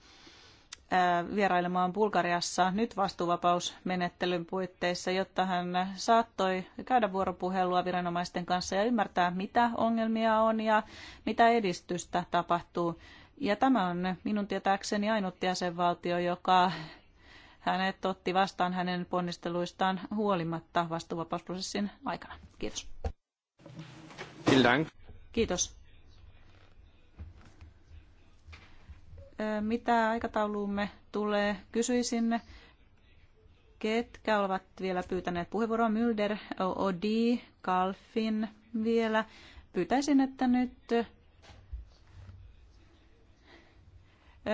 Äh, vierailemaan Bulgariassa nyt vastuuvapausmenettelyn puitteissa, jotta hän saattoi käydä vuoropuhelua viranomaisten kanssa ja ymmärtää, mitä ongelmia on ja mitä edistystä tapahtuu. Ja tämä on minun tietääkseni ainut jäsenvaltio, joka hänet otti vastaan hänen ponnisteluistaan huolimatta vastuuvapausprosessin aikana. Kiitos. Kiitos. mitä aikatauluumme tulee, kysyisin, ketkä ovat vielä pyytäneet puheenvuoroa. Mylder, Odi, Kalfin vielä. Pyytäisin, että nyt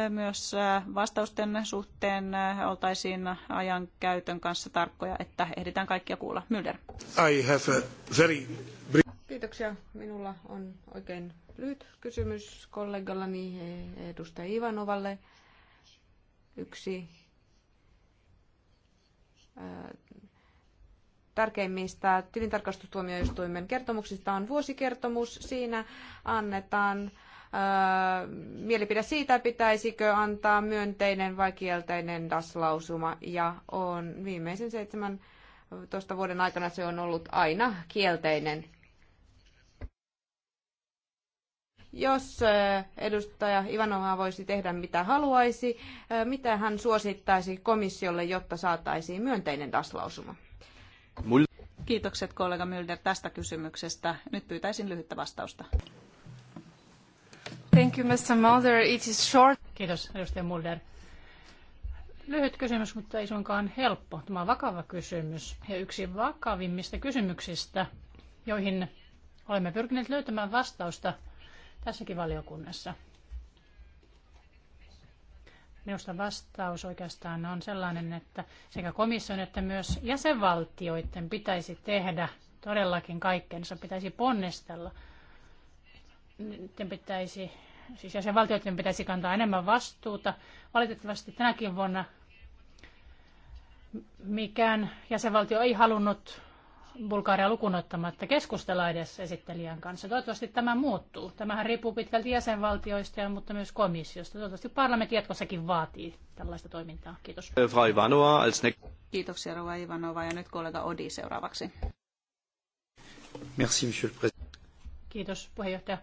myös vastausten suhteen oltaisiin ajan käytön kanssa tarkkoja, että ehditään kaikkia kuulla. Mylder. I have a very brief... Kiitoksia. Minulla on oikein lyhyt kysymys kollegallani eh, edustaja Ivanovalle. Yksi eh, tärkeimmistä tilintarkastustuomioistuimen kertomuksista on vuosikertomus. Siinä annetaan eh, mielipide siitä, pitäisikö antaa myönteinen vai kielteinen DAS-lausuma. Ja on viimeisen 17 vuoden aikana se on ollut aina kielteinen Jos eh, edustaja Ivanova voisi tehdä mitä haluaisi, eh, mitä hän suosittaisi komissiolle, jotta saataisiin myönteinen DAS-lausuma? Kiitokset kollega Mylder tästä kysymyksestä. Nyt pyytäisin lyhyttä vastausta. Thank you, Mr. Mulder. It is short. Kiitos, edustaja Mulder. Lyhyt kysymys, mutta ei suinkaan helppo. Tämä on vakava kysymys ja yksi vakavimmista kysymyksistä, joihin olemme pyrkineet löytämään vastausta tässäkin valiokunnassa. Minusta vastaus oikeastaan on sellainen, että sekä komission että myös jäsenvaltioiden pitäisi tehdä todellakin kaikkensa, pitäisi ponnistella. Niiden pitäisi, siis jäsenvaltioiden pitäisi kantaa enemmän vastuuta. Valitettavasti tänäkin vuonna mikään jäsenvaltio ei halunnut Bulgaria lukunottamatta keskustella edes esittelijän kanssa. Toivottavasti tämä muuttuu. Tämähän riippuu pitkälti jäsenvaltioista, mutta myös komissiosta. Toivottavasti parlamentti jatkossakin vaatii tällaista toimintaa. Kiitos. Äh, Ivanova, Kiitoksia, Rova Ivanova. Ja nyt kollega Odi seuraavaksi. Merci, monsieur Kiitos, puheenjohtaja.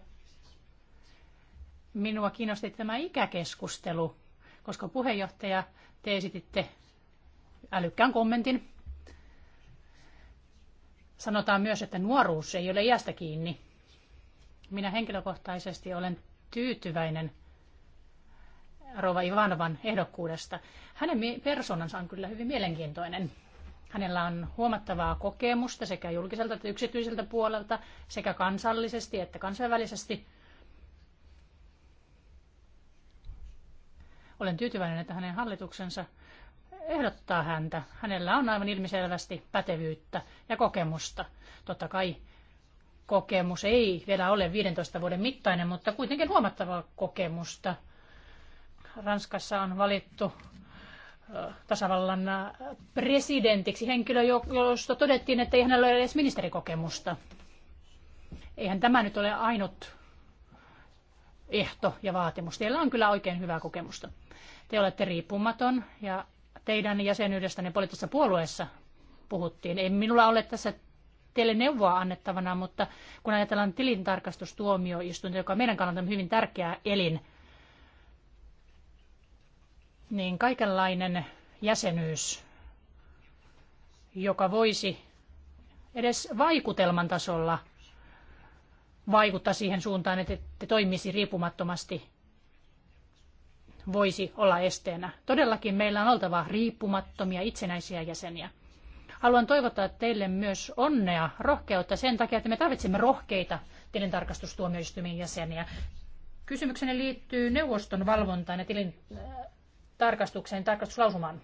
Minua kiinnosti tämä ikäkeskustelu, koska puheenjohtaja, te esititte älykkään kommentin Sanotaan myös, että nuoruus ei ole iästä kiinni. Minä henkilökohtaisesti olen tyytyväinen Rova Ivanovan ehdokkuudesta. Hänen persoonansa on kyllä hyvin mielenkiintoinen. Hänellä on huomattavaa kokemusta sekä julkiselta että yksityiseltä puolelta, sekä kansallisesti että kansainvälisesti. Olen tyytyväinen, että hänen hallituksensa – ehdottaa häntä. Hänellä on aivan ilmiselvästi pätevyyttä ja kokemusta. Totta kai kokemus ei vielä ole 15 vuoden mittainen, mutta kuitenkin huomattavaa kokemusta. Ranskassa on valittu tasavallan presidentiksi henkilö, josta todettiin, että ei hänellä ole edes ministerikokemusta. Eihän tämä nyt ole ainut ehto ja vaatimus. Teillä on kyllä oikein hyvää kokemusta. Te olette riippumaton ja teidän jäsenyydestänne poliittisessa puolueessa puhuttiin. Ei minulla ole tässä teille neuvoa annettavana, mutta kun ajatellaan tilintarkastustuomioistuinta, joka on meidän kannaltamme hyvin tärkeä elin, niin kaikenlainen jäsenyys, joka voisi edes vaikutelman tasolla vaikuttaa siihen suuntaan, että te toimisi riippumattomasti, voisi olla esteenä. Todellakin meillä on oltava riippumattomia itsenäisiä jäseniä. Haluan toivottaa teille myös onnea, rohkeutta sen takia, että me tarvitsemme rohkeita tilintarkastustuomioistuimen jäseniä. Kysymykseni liittyy neuvoston valvontaan ja tilintarkastukseen, äh, tarkastuslausumaan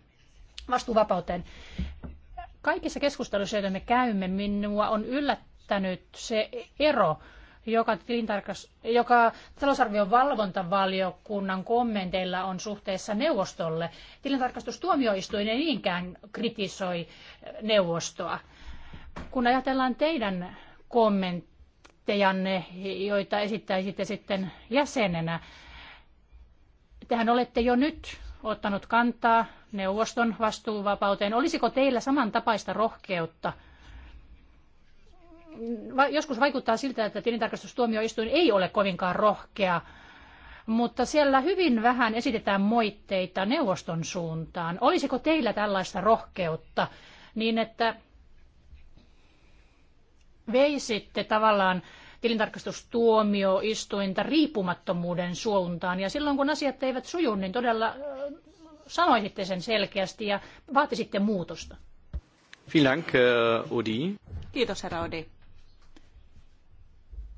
vastuuvapauteen. Kaikissa keskusteluissa, joita me käymme, minua on yllättänyt se ero, joka, tilintarkas, joka talousarvion valvontavaliokunnan kommenteilla on suhteessa neuvostolle. Tilintarkastustuomioistuin ei niinkään kritisoi neuvostoa. Kun ajatellaan teidän kommenttejanne, joita esittäisitte sitten jäsenenä, tehän olette jo nyt ottanut kantaa neuvoston vastuuvapauteen. Olisiko teillä samantapaista rohkeutta – joskus vaikuttaa siltä, että tilintarkastustuomioistuin ei ole kovinkaan rohkea, mutta siellä hyvin vähän esitetään moitteita neuvoston suuntaan. Olisiko teillä tällaista rohkeutta niin, että veisitte tavallaan tilintarkastustuomioistuinta riippumattomuuden suuntaan. Ja silloin kun asiat eivät suju, niin todella sanoisitte sen selkeästi ja vaatisitte muutosta. Vielen Dank, äh, Odi. Kiitos, herra Odi.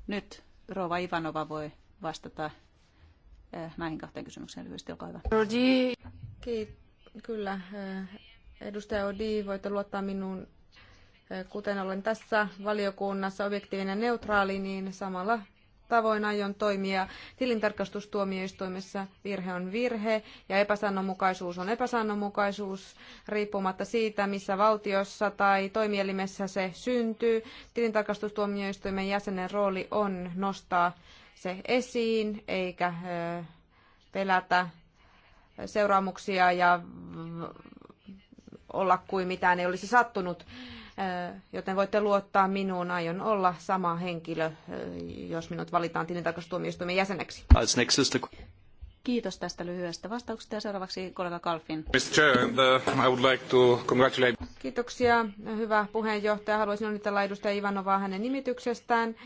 Nyt Rova Ivanova voi vastata eh, näihin kahteen kysymykseen lyhyesti, olkaa hyvä. Kyllä, eh, edustaja Odi, voitte luottaa minuun. Eh, kuten olen tässä valiokunnassa objektiivinen neutraali, niin samalla tavoin aion toimia. Tilintarkastustuomioistuimessa virhe on virhe ja epäsäännönmukaisuus on epäsäännönmukaisuus riippumatta siitä, missä valtiossa tai toimielimessä se syntyy. Tilintarkastustuomioistuimen jäsenen rooli on nostaa se esiin eikä pelätä seuraamuksia ja olla kuin mitään ei olisi sattunut joten voitte luottaa minuun. Aion olla sama henkilö, jos minut valitaan tilintarkastustuomioistuimen jäseneksi. Kiitos tästä lyhyestä vastauksesta ja seuraavaksi kollega Kalfin. Uh, Kiitoksia, hyvä puheenjohtaja. Haluaisin onnitella edustaja Ivanovaa hänen nimityksestään.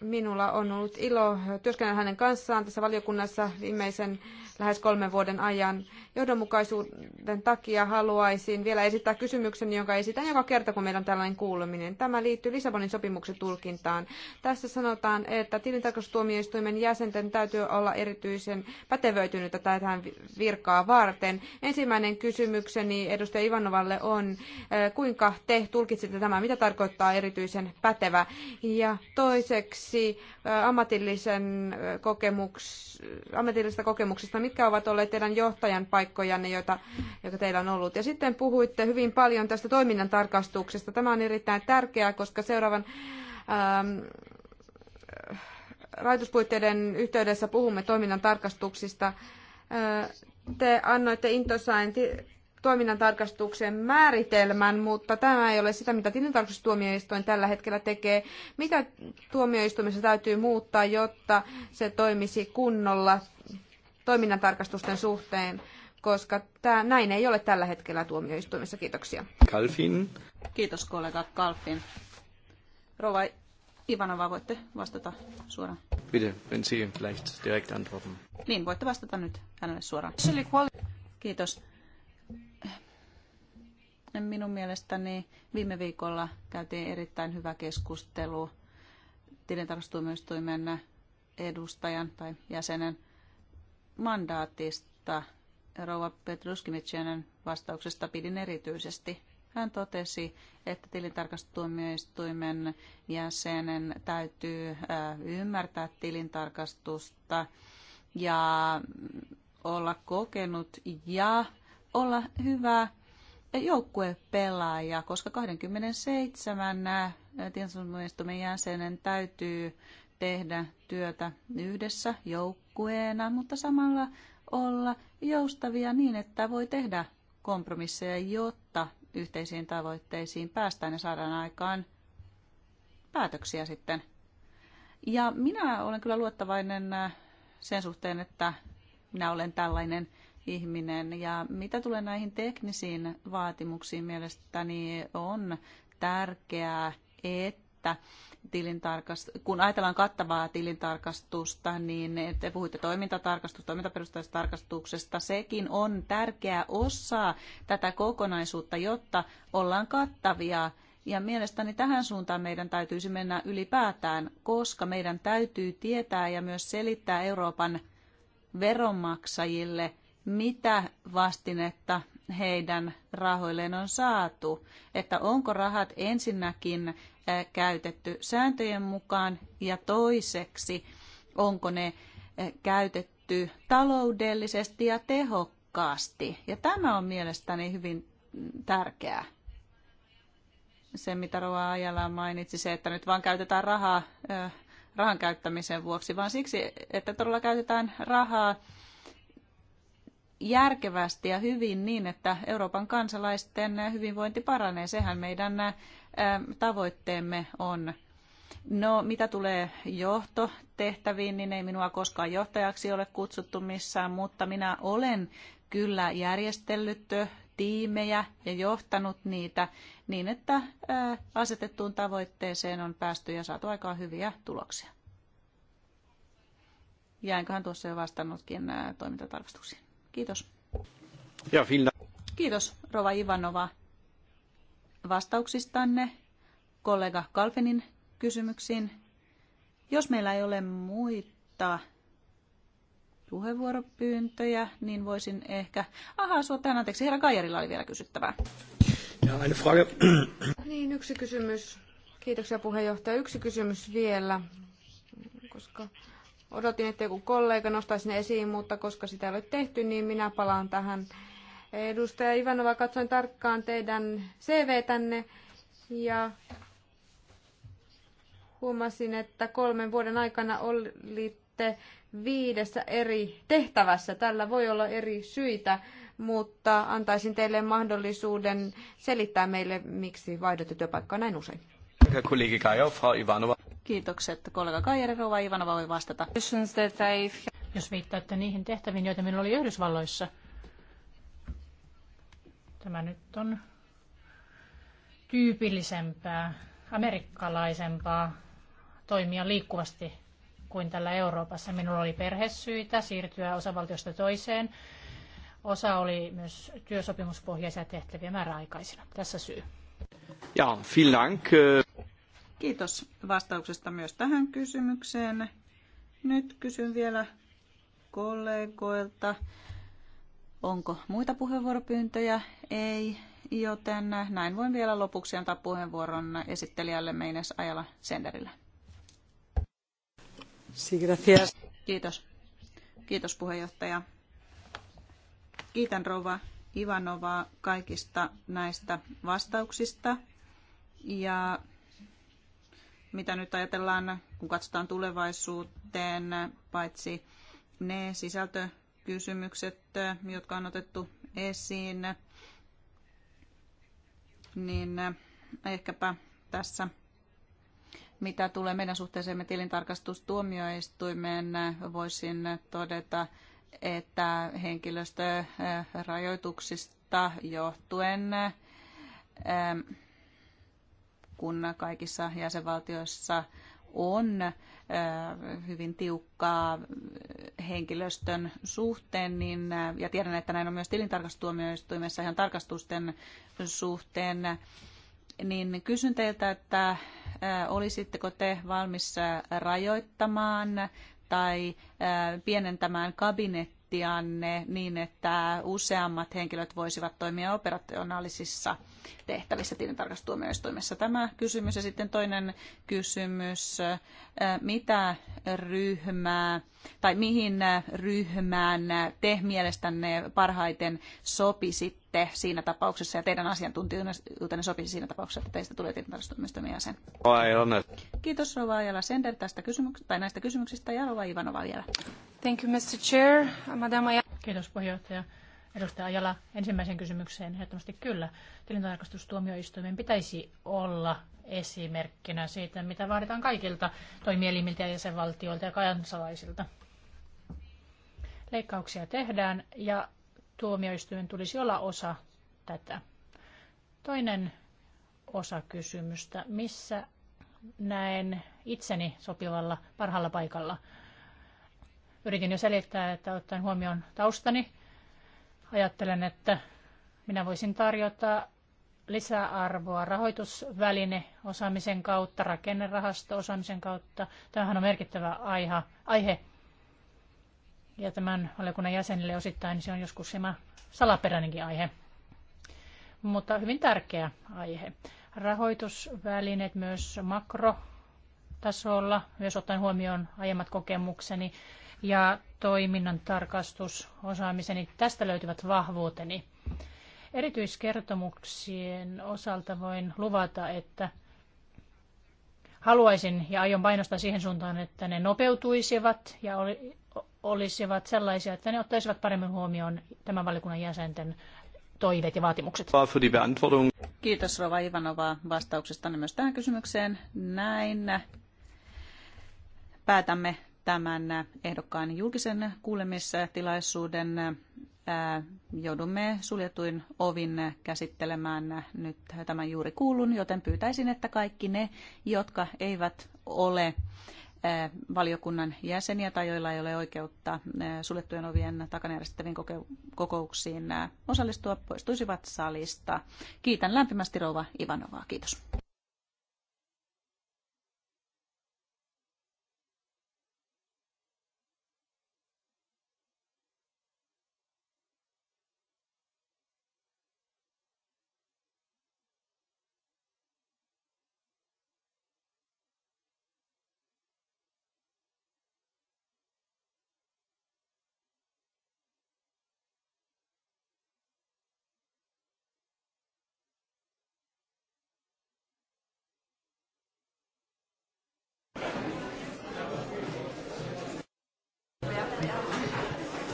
Minulla on ollut ilo työskennellä hänen kanssaan tässä valiokunnassa viimeisen lähes kolmen vuoden ajan. Johdonmukaisuuden takia haluaisin vielä esittää kysymyksen, jonka esitän joka kerta, kun meillä on tällainen kuuluminen. Tämä liittyy Lissabonin sopimuksen tulkintaan. Tässä sanotaan, että tilintarkastustuomioistuimen jäsenten täytyy olla erityisen pätevöitynyttä tähän virkaa varten. Ensimmäinen kysymykseni edustaja Ivanovalle on, eh, kuinka te tulkitsitte tämä, mitä tarkoittaa erityisen pätevä? Ja toiseksi eh, ammatillisen eh, kokemuks, ammatillisesta kokemuksesta, mitkä ovat olleet teidän johtajan paikkojanne, joita, joita teillä on ollut. Ja sitten puhuitte hyvin paljon tästä toiminnan tarkastuksesta. Tämä on erittäin tärkeää, koska seuraavan ähm, rajoituspuitteiden yhteydessä puhumme toiminnan tarkastuksista. Äh, te annoitte Intosain toiminnan tarkastuksen määritelmän, mutta tämä ei ole sitä, mitä tilintarkastustuomioistuin tällä hetkellä tekee. Mitä tuomioistuimessa täytyy muuttaa, jotta se toimisi kunnolla? toiminnantarkastusten suhteen, koska tämä, näin ei ole tällä hetkellä tuomioistuimessa. Kiitoksia. Kalfin. Kiitos kollega Kalfin. Rova Ivanova, voitte vastata suoraan. Bitte, wenn Sie vielleicht direkt antworten. Niin, voitte vastata nyt hänelle suoraan. Kiitos. Minun mielestäni viime viikolla käytiin erittäin hyvä keskustelu tilintarkastustuomioistuimen edustajan tai jäsenen mandaatista rouva Petruskimitschenen vastauksesta pidin erityisesti. Hän totesi, että tilintarkastustuomioistuimen jäsenen täytyy ymmärtää tilintarkastusta ja olla kokenut ja olla hyvä joukkuepelaaja, koska 27 tilintarkastustuomioistuimen jäsenen täytyy tehdä työtä yhdessä joukkueena, mutta samalla olla joustavia niin, että voi tehdä kompromisseja, jotta yhteisiin tavoitteisiin päästään ja saadaan aikaan päätöksiä sitten. Ja minä olen kyllä luottavainen äh, sen suhteen, että minä olen tällainen ihminen. Ja mitä tulee näihin teknisiin vaatimuksiin, mielestäni on tärkeää, että että tilintarkast- kun ajatellaan kattavaa tilintarkastusta, niin te puhuitte toimintatarkastuksesta, toimintaperustaisesta tarkastuksesta. Sekin on tärkeä osa tätä kokonaisuutta, jotta ollaan kattavia ja mielestäni tähän suuntaan meidän täytyisi mennä ylipäätään, koska meidän täytyy tietää ja myös selittää Euroopan veronmaksajille, mitä vastinetta heidän rahoilleen on saatu. Että onko rahat ensinnäkin käytetty sääntöjen mukaan ja toiseksi, onko ne käytetty taloudellisesti ja tehokkaasti. Ja tämä on mielestäni hyvin tärkeää. Se, mitä Roa Ajala mainitsi, se, että nyt vaan käytetään rahaa rahan käyttämisen vuoksi, vaan siksi, että todella käytetään rahaa järkevästi ja hyvin niin, että Euroopan kansalaisten hyvinvointi paranee. Sehän meidän tavoitteemme on. No, mitä tulee johtotehtäviin, niin ei minua koskaan johtajaksi ole kutsuttu missään, mutta minä olen kyllä järjestellyt tiimejä ja johtanut niitä niin, että asetettuun tavoitteeseen on päästy ja saatu aikaan hyviä tuloksia. Jäinköhän tuossa jo vastannutkin toimintatarkastuksiin. Kiitos. Ja Finland. Kiitos Rova Ivanova vastauksistanne kollega Kalfenin kysymyksiin. Jos meillä ei ole muita puheenvuoropyyntöjä, niin voisin ehkä... Ahaa, suotaan anteeksi, herra Kajarilla oli vielä kysyttävää. Ja eine Frage. Niin, yksi kysymys. Kiitoksia puheenjohtaja. Yksi kysymys vielä, koska Odotin, että joku kollega nostaisi ne esiin, mutta koska sitä ei ole tehty, niin minä palaan tähän. Edustaja Ivanova, katsoin tarkkaan teidän CV-tänne ja huomasin, että kolmen vuoden aikana olitte viidessä eri tehtävässä. Tällä voi olla eri syitä, mutta antaisin teille mahdollisuuden selittää meille, miksi vaihdotte työpaikkaa näin usein. Kollega Kajov, Frau Ivanova. Kiitokset. Kollega Kaijari Rova Ivanova voi vastata. Jos viittaatte niihin tehtäviin, joita minulla oli Yhdysvalloissa. Tämä nyt on tyypillisempää, amerikkalaisempaa toimia liikkuvasti kuin tällä Euroopassa. Minulla oli perhesyitä siirtyä osavaltiosta toiseen. Osa oli myös työsopimuspohjaisia tehtäviä määräaikaisina. Tässä syy. Ja, vielen Dank. Kiitos vastauksesta myös tähän kysymykseen. Nyt kysyn vielä kollegoilta, onko muita puheenvuoropyyntöjä? Ei, joten näin voin vielä lopuksi antaa puheenvuoron esittelijälle Meines Ajala Senderille. Kiitos. Kiitos puheenjohtaja. Kiitän rouva Ivanovaa kaikista näistä vastauksista. Ja mitä nyt ajatellaan, kun katsotaan tulevaisuuteen, paitsi ne sisältökysymykset, jotka on otettu esiin, niin ehkäpä tässä, mitä tulee meidän suhteeseemme tilintarkastustuomioistuimeen, voisin todeta, että henkilöstörajoituksista johtuen kun kaikissa jäsenvaltioissa on hyvin tiukkaa henkilöstön suhteen, niin, ja tiedän, että näin on myös tilintarkastustuomioistuimessa ihan tarkastusten suhteen, niin kysyn teiltä, että olisitteko te valmis rajoittamaan tai pienentämään kabinet mandaattianne niin, että useammat henkilöt voisivat toimia operationaalisissa tehtävissä tilintarkastustuomioistuimessa? Tämä kysymys ja sitten toinen kysymys, mitä ryhmää tai mihin ryhmään te mielestänne parhaiten sopisitte siinä tapauksessa ja teidän asiantuntijuutenne sopisi siinä tapauksessa, että teistä tulee tilintarkastustoimistomme jäsen? Kiitos Rova Ajala Sender tästä kysymyks- tai näistä kysymyksistä ja Rova Ivanova vielä. Thank you, Mr. Chair. Madame Kiitos puheenjohtaja. Edustaja Ajala, ensimmäisen kysymykseen ehdottomasti kyllä. Tilintarkastustuomioistuimen pitäisi olla esimerkkinä siitä, mitä vaaditaan kaikilta toimielimiltä ja jäsenvaltioilta ja kansalaisilta. Leikkauksia tehdään ja tuomioistuimen tulisi olla osa tätä. Toinen osa kysymystä, missä näen itseni sopivalla parhaalla paikalla. Yritin jo selittää, että ottaen huomioon taustani, Ajattelen, että minä voisin tarjota lisäarvoa rahoitusväline osaamisen kautta, rakennerahasto osaamisen kautta. Tämähän on merkittävä aihe, Ja tämän valiokunnan jäsenille osittain se on joskus hieman salaperäinenkin aihe, mutta hyvin tärkeä aihe. Rahoitusvälineet myös makrotasolla, myös ottaen huomioon aiemmat kokemukseni. Ja toiminnan tarkastus, osaamiseni, tästä löytyvät vahvuuteni. Erityiskertomuksien osalta voin luvata, että haluaisin ja aion painostaa siihen suuntaan, että ne nopeutuisivat ja olisivat sellaisia, että ne ottaisivat paremmin huomioon tämän valikunnan jäsenten toiveet ja vaatimukset. Kiitos Rova Ivanova vastauksesta myös tähän kysymykseen. Näin päätämme tämän ehdokkaan julkisen kuulemistilaisuuden joudumme suljetuin ovin käsittelemään nyt tämän juuri kuulun, joten pyytäisin, että kaikki ne, jotka eivät ole valiokunnan jäseniä tai joilla ei ole oikeutta suljettujen ovien takana järjestettäviin kokouksiin osallistua, poistuisivat salista. Kiitän lämpimästi rouva Ivanovaa. Kiitos.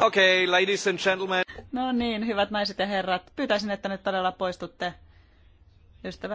Okay, ladies and gentlemen. No niin, hyvät naiset ja herrat. Pyytäisin, että nyt todella poistutte ystävä.